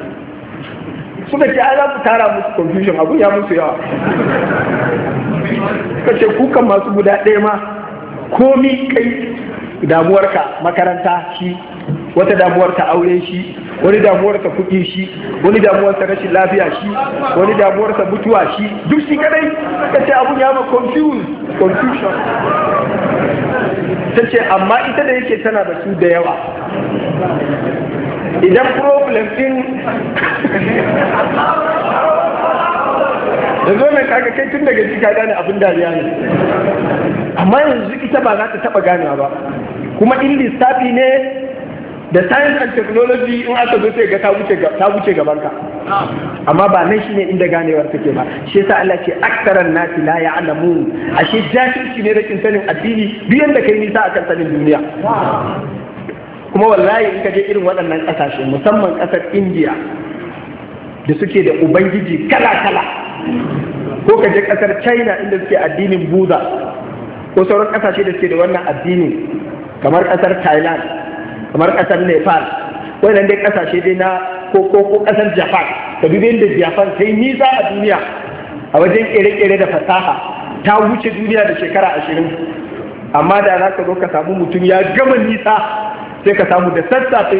suka ce ai za ku tara musu confusion abun ya musu yawa kace ce kukan masu guda ɗaya ma komi kai damuwarka makaranta shi wata damuwar ta aure shi wani damuwar ta kuɗi shi wani damuwar ta rashin lafiya shi wani damuwar ta mutuwa shi duk shi kadai ka ce abun ya ma confusion ta ce amma ita da yake tana da su da yawa idan problem din da zo mai kaga kai tun daga jika gane abin dariya ne amma yanzu ita ba za ta taba ganewa ba kuma in lissafi ne da science and technology in aka zo sai ga ta wuce gaban ka amma ba nan shine inda ganewar take ba shi yasa Allah ce aktaran nasi la mu. ashe jahilci ne kin sanin addini biyan da kai nisa akan sanin duniya kuma wallahi in ka je irin waɗannan ƙasashe musamman ƙasar indiya da suke da ubangiji kala-kala ko ka je ƙasar china inda suke addinin Buddha ko sauran ƙasashe da suke da wannan addinin kamar ƙasar thailand kamar ƙasar nepal wannan dai ƙasashe dai na ko ko ƙasar japan ka dubi da japan sai nisa a duniya a wajen kere-kere da fasaha ta wuce duniya da shekara ashirin amma da za ka zo ka samu mutum ya gama nisa sai ka samu da sassafe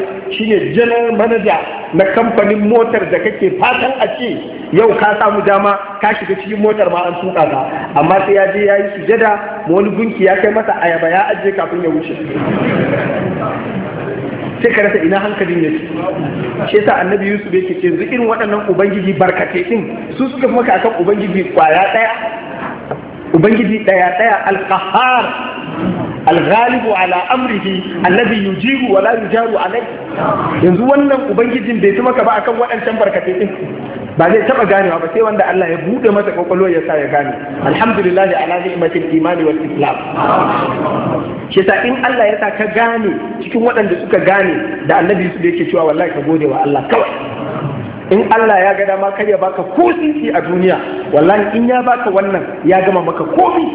ne general manager na kamfanin motar da kake fatan a ce yau ka samu dama ka shiga cikin motar ma an tuka ka amma sai ya je ya yi sujada ma wani gunki ya kai masa ayaba ya ajiye kafin ya wuce sai ka rasa ina hankalin ya ce shi yasa annabi yusuf yake ce yanzu irin waɗannan ubangiji barkace din su suka fi maka akan ubangiji kwaya ɗaya ubangiji ɗaya ɗaya alkahar alghalibu ala amrihi alladhi yujibu wa alai yanzu wannan ubangijin bai tuma ka ba akan waɗancan barkatai din ba zai taba ganewa ba sai wanda Allah ya bude masa kwakwalwa ya sa ya gane alhamdulillah ala ni'matil imani wal islam shi in Allah ya sa ka gane cikin waɗanda suka gane da annabi su da yake cewa wallahi ka gode wa Allah kawai in Allah ya ga dama kar ya baka ko a duniya wallahi in ya baka wannan ya gama maka komi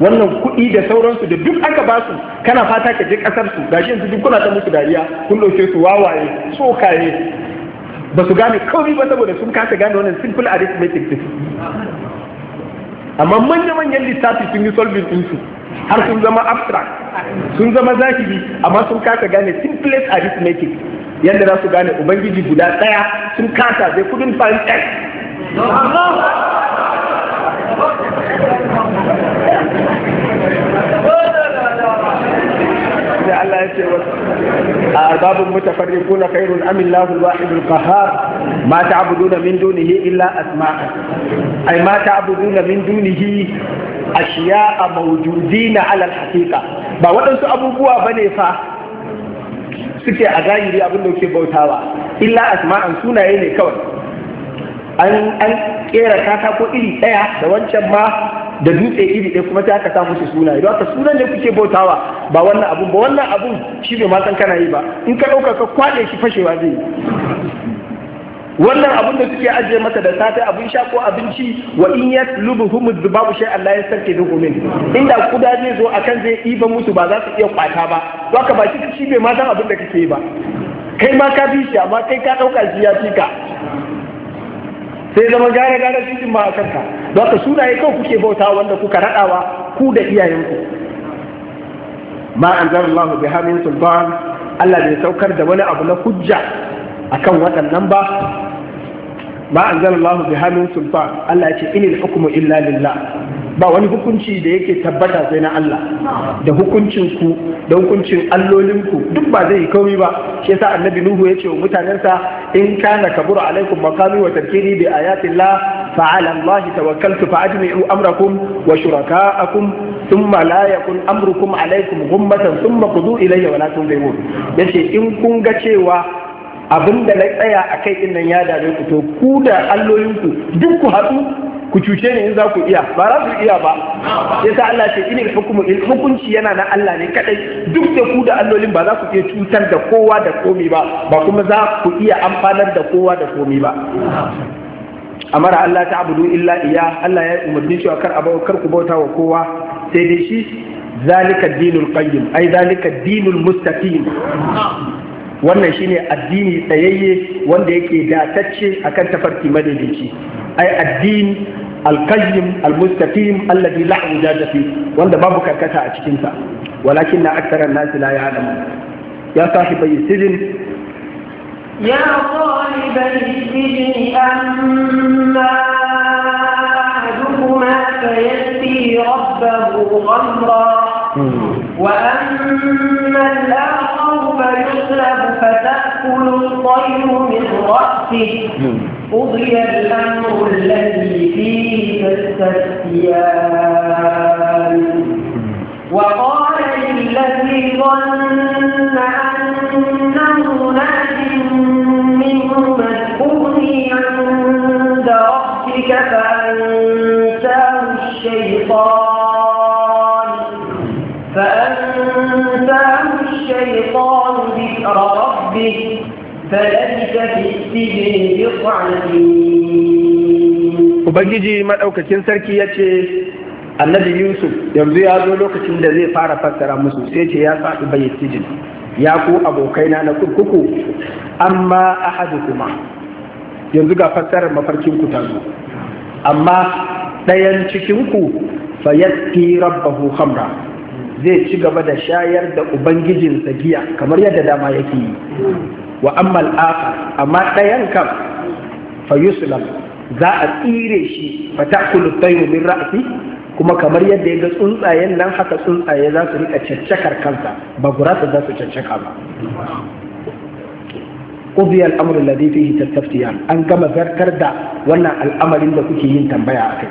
wannan kuɗi da sauransu da duk aka basu kana fata ka je ƙasar su gashi yanzu duk kuna ta musu dariya kun ɗauke su wawaye tsokaye ba su gane kawai ba saboda sun kasa gane wannan simple arithmetic din amma manya-manyan lissafi sun yi solvin ɗinsu har sun zama abstract sun zama zahiri amma sun kasa gane simple arithmetic yadda za su gane ubangiji guda ɗaya sun kasa zai kudin find أرباب متفرقون خير أم الله الواحد القهار ما تعبدون من دونه إلا أسماء أي ما تعبدون من دونه أشياء موجودين على الحقيقة ba waɗansu abubuwa ba ne fa suke a zahiri abin da ke bautawa illa asma'an sunaye ne kawai an kera katako iri ɗaya da wancan ma da dutse iri ɗaya kuma ta aka sa musu suna idan aka sunan ne kuke bautawa ba wannan abun ba wannan abun shi ne matan kana yi ba in ka ɗauka ka kwaɗe shi fashewa zai yi wannan abun da suke ajiye masa da safe abin sha ko abinci wa in humu dhubabu shai Allah ya sarke da gomin inda kuda zai zo akan zai iba musu ba za su iya kwata ba to haka ba shi ne matan abin da kake yi ba kai ma ka bi shi amma kai ka ɗauka shi ya fika sai zama gare gare cikin ba a kanka don ka sunaye kan kuke bauta wanda kuka raɗawa ku da iyayenku ma an Allah bi hamin sulban Allah bai saukar da wani abu na hujja akan waɗannan ba ma an Allah bi hamin sulban Allah ya ce inil hukmu illa lillah ba wani hukunci da yake tabbata sai na Allah da hukuncin da hukuncin allolin duk ba zai yi komai ba shi yasa annabi nuhu ya ce wa mutanensa in kana kabura alaikum makami wa tarkiri bi ayatin la fa ala Allah tawakkaltu fa ajmi'u amrakum wa shuraka'akum thumma la yakun amrukum alaikum ghummatan thumma qudu ilayya wa la tunzirun yace in kun ga cewa abin da na tsaya a kai ɗin nan ya dame ku to ku da allolinku duk ku haɗu ku cuce ni in za ku iya ba za su iya ba ya sa Allah ce inil hukumu il hukunci yana na Allah ne kadai duk da ku da allolin ba za ku iya cutar da kowa da komi ba ba kuma za ku iya amfanar da kowa da komi ba amara Allah ta abudu illa iya Allah ya umarni shi kar abawa kar ku bauta wa kowa sai dai shi zalika dinul qayyim ai zalika dinul mustaqim wannan shine addini tsayayye wanda yake datacce akan tafarki madaidaici ai addini alqayyim almustaqim alladhi la wujada fi wanda babu karkata a cikin sa walakin na aktaran nas la ya'lamu ya sahibi sijin ya talibai sijin amma أحدهما فيأتي ربه غمرا وأما الآخر فيصلب فتأكل الطير من رأسه نعم. قضي الأمر الذي فيه تستفتيان نعم. وقال للذي ظن Ubangiji maɗaukakin sarki ya ce, Annabi Yusuf yanzu ya zo lokacin da zai fara fassara musu sai ce ya faɗi bayyar tijin, ya ku abokaina na kurkuku, amma ahadu kuma yanzu ga fassarar mafarkinku ta zo. Amma ɗayan cikinku rabba rabbahu hamra, zai ci gaba da shayar da Ubangijinsa giya kamar yadda dama yake yi. wa ammal amma ɗayan kam fa yuslam za a tsire shi fa ta'kulu tayru kuma kamar yadda ya ga tsuntsayen nan haka tsuntsaye za su rika caccakar kansa ba gurasa za su caccaka ba قضي الامر الذي فيه تستفتيان ان كما ذكر دا wannan al'amarin da kuke yin tambaya akai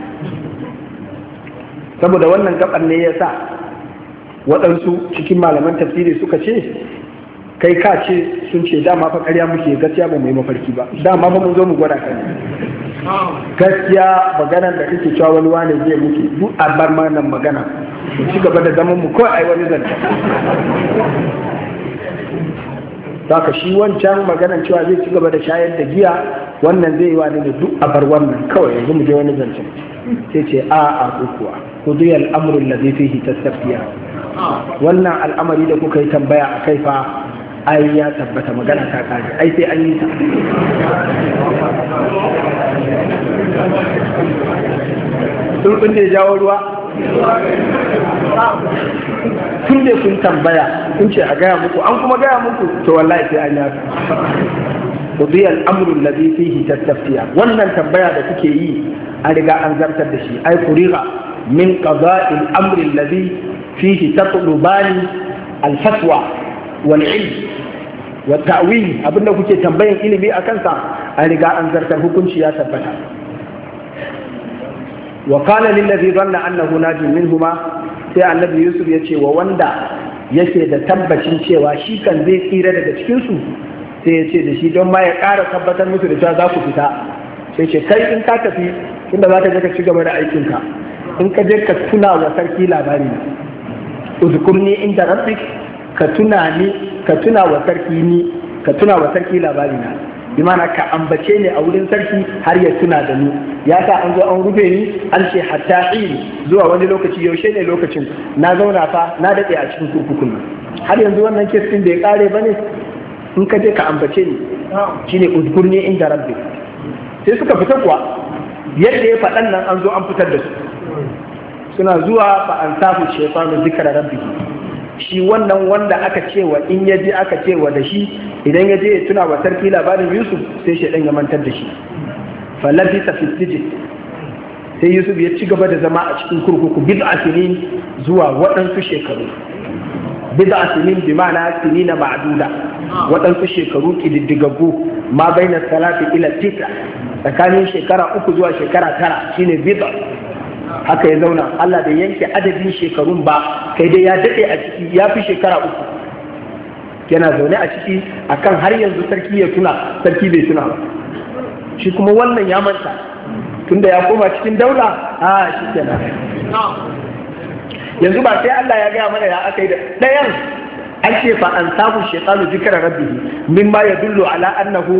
saboda wannan kaɓar ne yasa waɗansu cikin malaman tafsiri suka ce kai ka ce sun ce dama fa ƙarya muke gaskiya ba mu yi mafarki ba dama fa mun zo mu gwada kai gaskiya maganar da kake cewa wani wani zai muke duk a bar nan magana mu ci gaba da zaman mu ko ai wani zanta Saka shi wancan maganar cewa zai ci gaba da shayar da giya wannan zai yi wani ne duk a bar wannan kawai yanzu mu je wani zancen sai ce a a kuwa kudu al'amrul ladhi fihi tastafiya wannan al'amari da kuka yi tambaya a kai fa ai ya tabbata magana ta kare ai sai an yi ta Tun da ya jawo ruwa tun da kun tambaya kun ce a gaya muku an kuma gaya muku to wallahi sai an yaka qudiya al-amru alladhi fihi tattafiya wannan tambaya da kuke yi a riga an zartar da shi ai kuriga min qada'il amri alladhi fihi tatlubani al wa ta'wili abinda kuke tambayan ilimi a kansa a riga an zartar hukunci ya tabbata wa kana lil ladhi dhanna annahu najin minhuma sai annabi yusuf ya ce wa wanda yake da tabbacin cewa shi kan zai tsira daga cikin su sai yace da shi don ma ya ƙara tabbatar musu da cewa za ku fita sai ce kai in ka tafi inda za ka je ka ci gaba da aikinka in ka je ka tuna wa sarki labari uzkurni inda rabbik ka tuna ni ka tuna wa sarki ni ka tuna wa sarki labari na bi ka ambace ni a wurin sarki har ya tuna da ni ya sa an zo an rufe ni an ce hatta in zuwa wani lokaci yaushe ne lokacin na zauna fa na daɗe a cikin kurkukun har yanzu wannan kes din bai kare bane in ka je ka ambace ni shine udkurni inda rabbi sai suka fita kuwa yadda ya faɗan nan an zo an fitar da su suna zuwa fa an safu shaytanu zikra rabbi. shi wannan wanda aka cewa in ya aka cewa da shi idan ya je ya tuna wa sarki labarin yusuf sai shaidan ya mantar da shi ta tafisijin sai yusuf ya ci gaba da zama a cikin kurkuku bid'a sinin zuwa waɗansu shekaru bid'a sinin bi ma'ana sinina ma'duda waɗansu shekaru ƙididdigaggu ma bai na salafi ila tita tsakanin shekara uku zuwa shekara tara shine bid'a haka ya zauna Allah bai yanke adadin shekarun ba kai dai ya daɗe a ciki ya fi shekara uku yana zaune a ciki akan har yanzu sarki ya tuna sarki bai tuna ba shi kuma wannan ya manta tunda ya koma cikin daula a shi kenan yanzu ba sai Allah ya gaya mana ya aka yi da ɗayan an ce fa an samu shaytanu zikra ya mimma yadullu ala annahu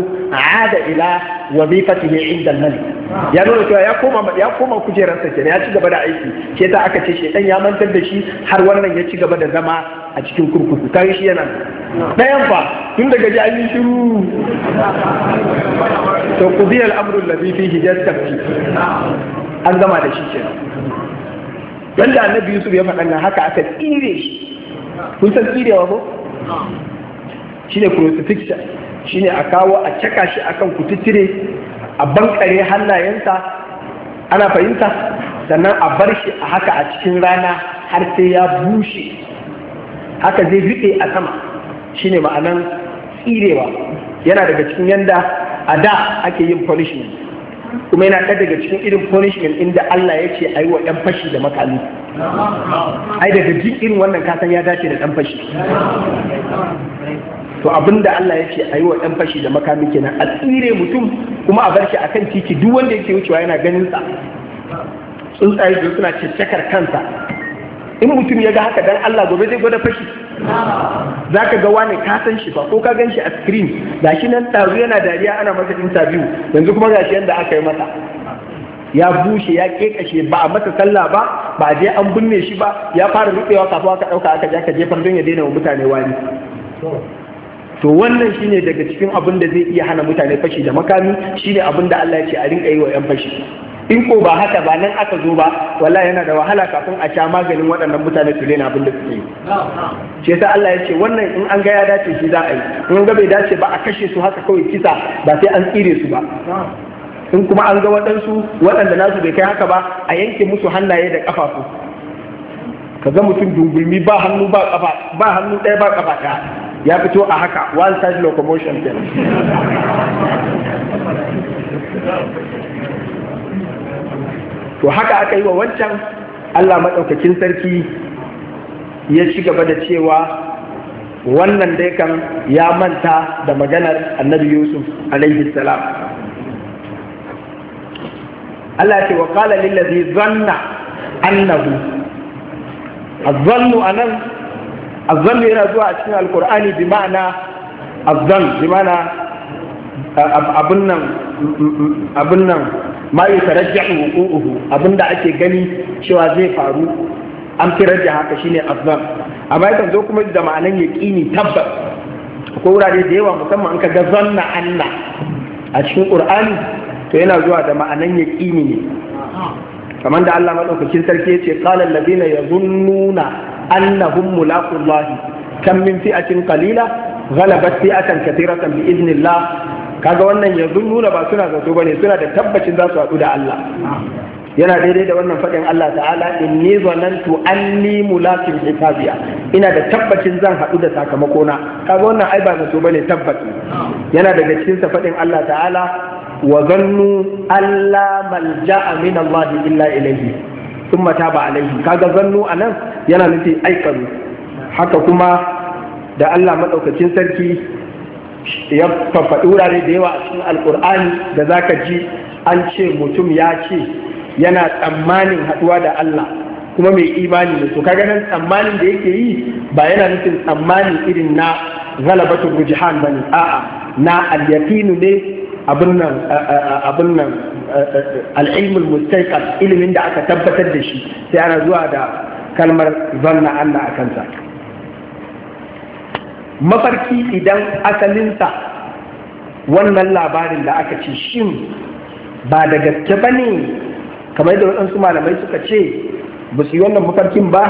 ada ila wazifatihi inda malik ya nuna cewa ya koma ya koma kujerar sa ya ci gaba da aiki ke ta aka ce shaytan ya mantar da shi har wannan ya ci gaba da zama a cikin kurkuku kai shi yana dayan fa tun daga ji an yi shiru to qudiyal amru alladhi fihi yastafi an gama da shi kenan yanda annabi yusuf ya faɗa haka aka tsire shi kun san tsirewa ko Shi ne crucifixion ne a kawo a caka shi akan kututture a bankare hannayensa ana fahimta sannan a bar shi a haka a cikin rana har sai ya bushe haka zai riƙe a sama Shi ne ma'anan tsirewa yana daga cikin yanda a da ake yin punishment kuma yana ɗaya daga cikin irin punishment inda Allah ya ce a yi wa 'yan fashi da makami ai daga jikin irin wannan kasan ya dace da dan fashi to abinda Allah ya ce a yi wa ɗan fashi da makami kenan a tsire mutum kuma a bar shi a kan titi duk wanda yake wucewa yana ganin sa tsaye da suna cecekar kansa in mutum ya ga haka dan Allah gobe zai gwada fashi za ka ga wani ka san shi ba ko ka gan shi a screen gashi nan taro yana dariya ana masa interview yanzu kuma gashi yanda aka yi masa ya bushe ya kekashe ba a mata sallah ba ba je an binne shi ba ya fara rubewa kafin aka dauka aka je aka jefar don ya daina wa mutane wani to wannan shine daga cikin abin da zai iya hana mutane fashi da makami shine abin da Allah ya ce a rinka yi wa yan fashi in ko ba haka ba nan aka zo ba wala yana da wahala kafin a sha maganin waɗannan mutane su daina abin da suke yi shi yasa Allah ya ce wannan in an ga ya dace shi za a yi in ga bai dace ba a kashe su haka kawai kisa ba sai an tsire su ba in kuma an ga waɗansu waɗanda nasu bai kai haka ba a yanke musu hannaye da ƙafafu ka ga mutum dungulmi ba hannu ba ƙafa ba hannu ɗaya ba ƙafa ɗaya ya fito a haka one side locomotion ke to haka aka yi wa wancan Allah maɗaukakin sarki ya ci gaba da cewa wannan dai kan ya manta da maganar annabi yusuf alaihi salam Allah ce wa qala lil ladzi zanna annahu az-zannu anan az-zannu yana zuwa a cikin alqur'ani bi ma'ana az bi ma'ana abun nan abun nan ma yutarajjahu wuquhu abinda ake gani cewa zai faru an firar da haka shine azam amma yakan zo kuma da ma'anan yaqini tabbas ko wurare da yawa musamman an ka ga zanna anna a cikin qur'ani to yana zuwa da ma'anan yaqini ne kamar da Allah madaukakin sarki ya ce, yace qala ya zunnuna annahum mulaqullahi kam min fi'atin qalila ghalabat fi'atan katiratan bi idnillah kaga wannan ya zunnuna ba suna zato bane suna da tabbacin za su haɗu da Allah yana daidai da wannan faɗin Allah ta'ala inni zanantu anni mulakin hisabiya ina da tabbacin zan haɗu da sakamakona kaga wannan ai ba zato bane tabbacin yana daga cikin faɗin Allah ta'ala wa zannu alla malja'a min Allah illa ilayhi thumma taba alayhi kaga zannu anan yana nufi aikaru haka kuma da Allah madaukakin sarki ya faɗi wurare da yawa a cikin alkur'ani da zaka ji an ce mutum ya ce yana tsammanin haɗuwa da Allah kuma mai imani ne to kaga nan tsammanin da yake yi ba yana nufin tsammanin irin na galabatu rujhan bane a'a na al ne abin nan abin al'ilmul mustaqal ilimin da aka tabbatar da shi sai ana zuwa da kalmar zanna Allah a kansa mafarki idan asalinsa wannan labarin da aka ci shin ba da gaske ba ne kamar yadda waɗansu malamai suka ce ba su yi wannan mafarkin ba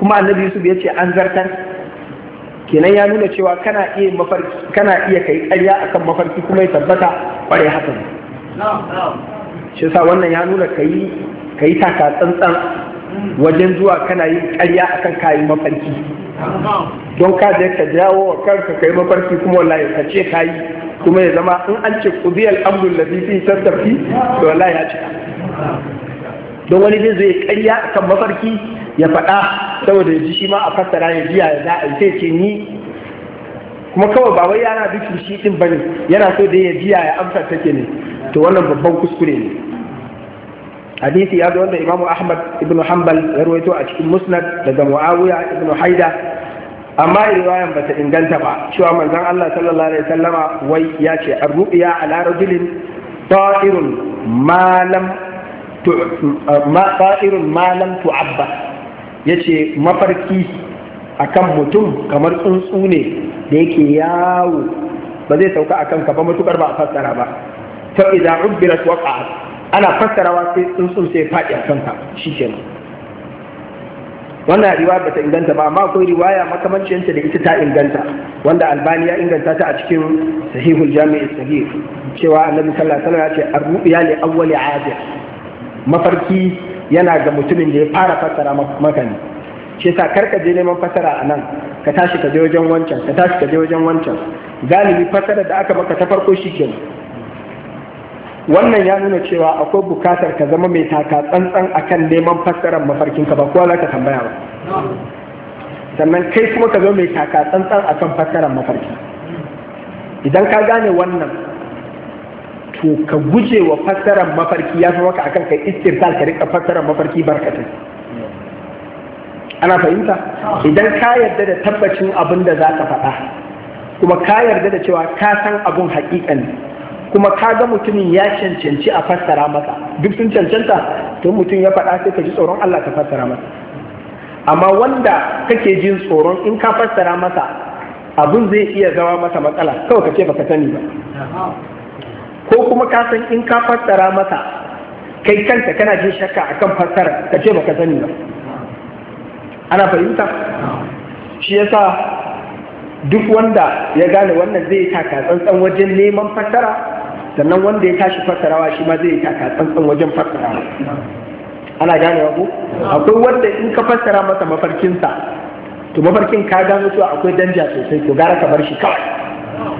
kuma annabi yusuf ya ce an zartar kenan ya nuna cewa kana iya mafarki kana iya kai ƙarya akan mafarki kuma ya tabbata ƙware hasan shi sa wannan ya nuna kai kai taka tsantsan wajen zuwa kana yin ƙarya akan kayan mafarki don ka je ka jawo wa kanka kai mafarki kuma wallahi ka ce kayi kuma ya zama in an ce qudiyal amru da fi tattafi, to wallahi ya ce don wani zai zo ya ƙarya akan mafarki ya faɗa saboda ya ji shi ma a fassara ya biya ya za'a sai ce ni kuma kawai ba wai yana duk shi din bane yana so da ya biya ya amsa take ne to wannan babban kuskure ne hadisi ya zo wanda imamu ahmad ibn hanbal ya ruwaito a cikin musnad daga muawiya ibn haida amma riwayan bata inganta ba cewa manzon Allah sallallahu alaihi wasallama wai ya ce arruya ala rajulin ta'irun ma lam ta'irun ma lam tu'abba ya ce mafarki a kan mutum kamar tsuntsu ne da yake yawo ba zai sauka a kanka ba matukar ba a fassara ba ta idan ubbirat waqa'at ana fassarawa sai tsuntsun sai faɗi a kanka shi shikenan wannan riwaya bata inganta ba amma akwai riwaya makamancinta da ita ta inganta wanda albani ya inganta ta a cikin sahihul jami'i sahih cewa annabi sallallahu alaihi wasallam ya ce ar-ru'ya li awwali 'adil mafarki yana ga mutumin da ya fara fassara maka ne shi sa karka je neman fassara a nan ka tashi ka je wajen wancan ka tashi ka je wajen wancan galibi fassara da aka maka ta farko shi ke wannan ya nuna cewa akwai bukatar ka zama mai taka tsantsan akan neman mafarkin ka ba kowa za ka tambaya ba sannan kai kuma ka zo mai taka tsantsan akan fassarar mafarkin. idan ka gane wannan to ka guje wa fassarar mafarki ya fi maka akan kai istirtal ka rika fassarar mafarki barkatai ana fahimta idan ka yarda da tabbacin abin da za ka faɗa kuma ka yarda da cewa ka san abin haƙiƙan kuma ka ga mutumin ya cancanci a fassara masa duk sun cancanta to mutum ya faɗa sai ka ji tsoron Allah ka fassara masa amma wanda kake jin tsoron in ka fassara masa abin zai iya zama masa matsala kawai ka ce ba ka sani ba ko kuma ka san in ka fassara masa kai kanka kana jin shakka akan fassara ka ce baka sani ba ana fahimta shi yasa duk wanda ya gane wannan zai yi taka tsantsan wajen neman fassara sannan wanda ya tashi fassarawa shi ma zai yi taka tsantsan wajen fassarawa ana gane ku akwai wanda in ka fassara masa mafarkinsa to mafarkin ka gano cewa akwai danja sosai to gara ka bar shi kawai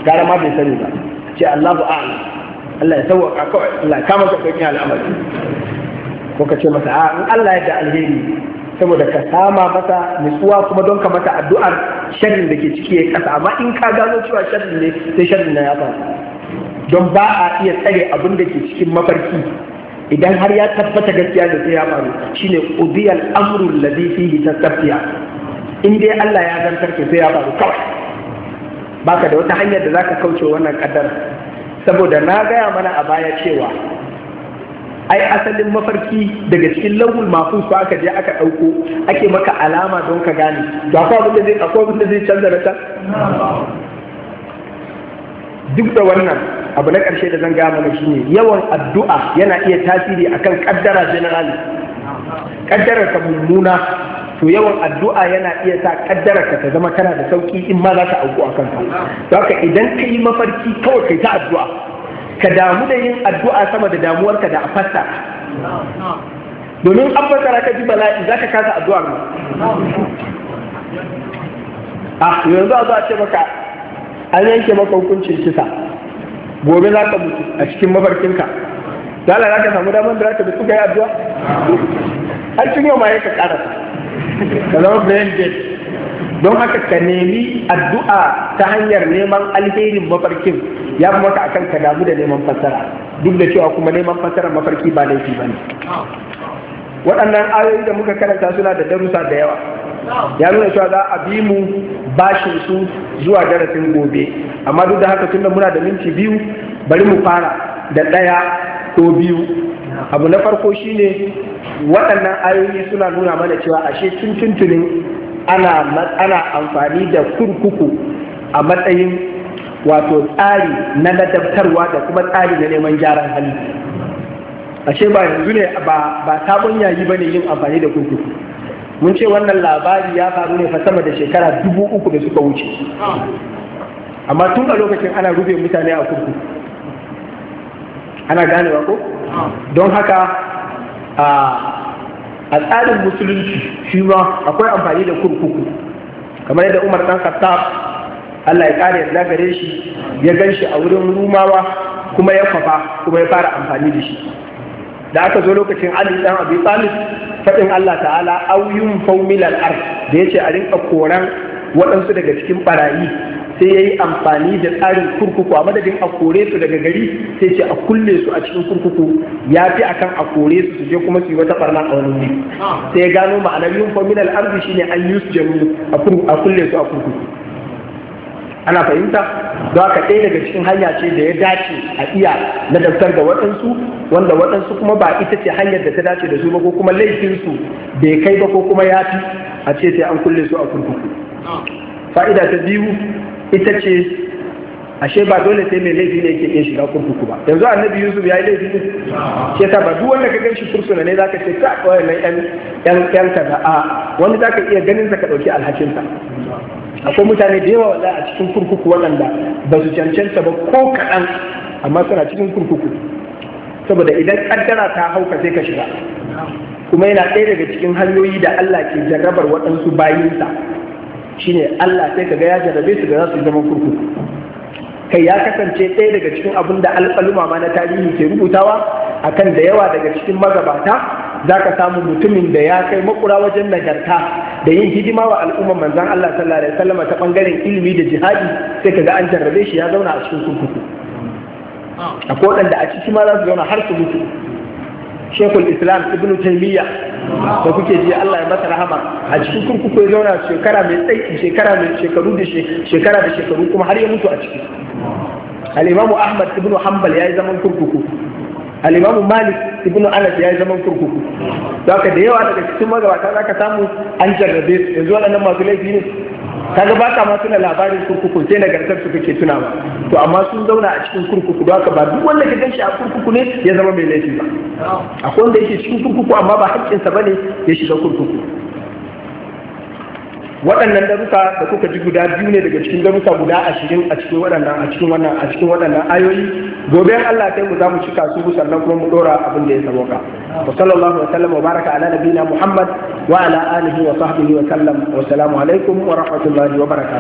gara ma bai sani ba ce Allahu a'lam Allah ya sauwaka kawai Allah ya kama ka sauƙin al'amari ko ka ce masa a in Allah ya da alheri saboda ka sama masa nutsuwa kuma don ka mata addu'ar sharrin da ke ciki ya kasa amma in ka gano cewa sharrin ne sai sharrin na ya faru don ba a iya tsare abin da ke cikin mafarki idan har ya tabbata gaskiya da sai ya faru shine qudiyal amru alladhi fihi tastafiya in dai Allah ya zantar ke sai ya faru kawai baka da wata hanyar da zaka kauce wannan kaddara saboda na gaya mana a baya cewa ai asalin mafarki daga cikin lawul mafu su aka je aka ɗauko ake maka alama don ka gane to akwai abin da zai akwai abin da zai canza na can duk da wannan abu na ƙarshe da zan gaya mana shine yawan addu'a yana iya tasiri akan kaddara generali, kaddarar ka mummuna to yawan addu'a yana iya sa kaddararka ta zama kana da sauki in ma za ka auku a kanka haka idan ka yi mafarki kawai kai ta addu'a ka damu da yin addu'a sama da damuwarka da a fassa domin an fasara ka ji bala'i za ka kasa addu'ar ma a ah, yanzu a zuwa ce maka an yanke maka hukuncin kisa gobe za ka mutu a cikin mafarkinka dala za ka samu damar da za ka bi suka yi addu'a har tun yau ma ya ka ƙara ka zama blended don haka ka nemi addu'a ta hanyar neman alherin mafarkin ya fi maka akan ka damu da neman fassara duk da cewa kuma neman fassara mafarki ba laifi ba ne waɗannan ayoyi da muka karanta suna da darusa da yawa ya nuna cewa za a bi mu bashin su zuwa darasin gobe amma duk da haka tunda muna da minti biyu bari mu fara da ɗaya ko biyu abu na farko shi ne waɗannan ayoyi suna nuna mana cewa ashe tun tuntunin ana amfani da kurkuku a matsayin wato tsari na ladabtarwa da kuma tsari na neman gyaran hali ashe ba yanzu ne ba sabon yayi ba ne yin amfani da kurkuku mun ce wannan labari ya faru ne fa sama da shekara dubu uku da suka wuce amma tun a lokacin ana rufe mutane a kurkuku ana ganewa ko don haka a tsarin musulunci shi ma akwai amfani da kurkuku kamar yadda umar ɗan khattab Allah ya kare ya gare shi ya gan shi a wurin rumawa kuma ya kafa kuma ya fara amfani da shi da aka zo lokacin Ali dan Abi Talib fadin Allah ta'ala auyin yunfaw milal ard da ce a rinka koran waɗansu daga cikin ɓarayi. sai ya yi amfani da tsarin kurkuku a madadin a kore su daga gari sai ce a kulle su a cikin kurkuku ya fi a kan a kore su su je kuma su yi wata barna a wani wuri sai ya gano ma'anar yin arziki arzi shine an yi su jamu a kulle su a kurkuku ana fahimta don haka ɗaya daga cikin hanya ce da ya dace a iya na daftar da waɗansu wanda waɗansu kuma ba ita ce hanyar da ta dace da su ba ko kuma laifinsu bai kai ba ko kuma ya fi a ce sai an kulle su a kurkuku fa'ida ta biyu ita ce ashe ba dole sai mai laifi ne yake iya shiga kurkuku ba yanzu annabi yusuf ya yi laifi ne ke ta ba duk wanda ka ganshi fursuna ne zaka ce ta kawai na yan yan yan da a wani zaka iya ganin sa ka dauki alhakin sa akwai mutane da yawa wallahi a cikin kurkuku wanda ba su cancanta ba ko kaɗan amma suna cikin kurkuku saboda idan kaddara ta hauka sai ka shiga kuma yana ɗaya daga cikin hanyoyi da Allah ke jarrabar waɗansu bayinsa shine Allah sai kaga ya jarrabe su ga za su zama kurkuku kai ya kasance ɗaya daga cikin abin da alƙaluma ma na tarihi ke rubutawa akan da yawa daga cikin magabata za ka samu mutumin da ya kai makura wajen nagarta da yin hidima wa al'ummar manzan Allah sallallahu alaihi wasallam ta ɓangaren ilimi da jihadi sai kaga an jarrabe shi ya zauna a cikin kurkuku akwai waɗanda a ciki ma za su zauna har su mutu shekul islam ibn taimiyya da kuke ji Allah ya masa rahama a cikin kurkuku ya zauna shekara mai tsaiki shekara mai shekaru da shekara da shekaru kuma har ya mutu a ciki al-imamu ahmad ibn hanbal ya yi zaman kurkuku al-imamu malik ibn anas ya yi zaman kurkuku zaka da yawa daga cikin magabata zaka samu an jarrabe yanzu wannan masu laifi ne kaga ba ka masu na labarin kurkuku sai na nagartar su kake tunawa to amma sun zauna a cikin kurkuku don haka ba duk wanda ka ganshi a kurkuku ne ya zama mai laifi ba akwai wanda yake cikin kurkuku amma ba haƙƙinsa bane ya shiga kurkuku waɗannan daruka da kuka ji guda biyu ne daga cikin darussa guda ashirin a cikin waɗannan a cikin wannan a cikin waɗannan ayoyi gobe Allah sai mu za mu cika su sannan kuma mu ɗora abin da ya saboka wa sallallahu wa sallam wa baraka ala nabiyina Muhammad wa ala alihi wa sahbihi wa sallam wa salamu alaikum wa rahmatullahi wa barakatuh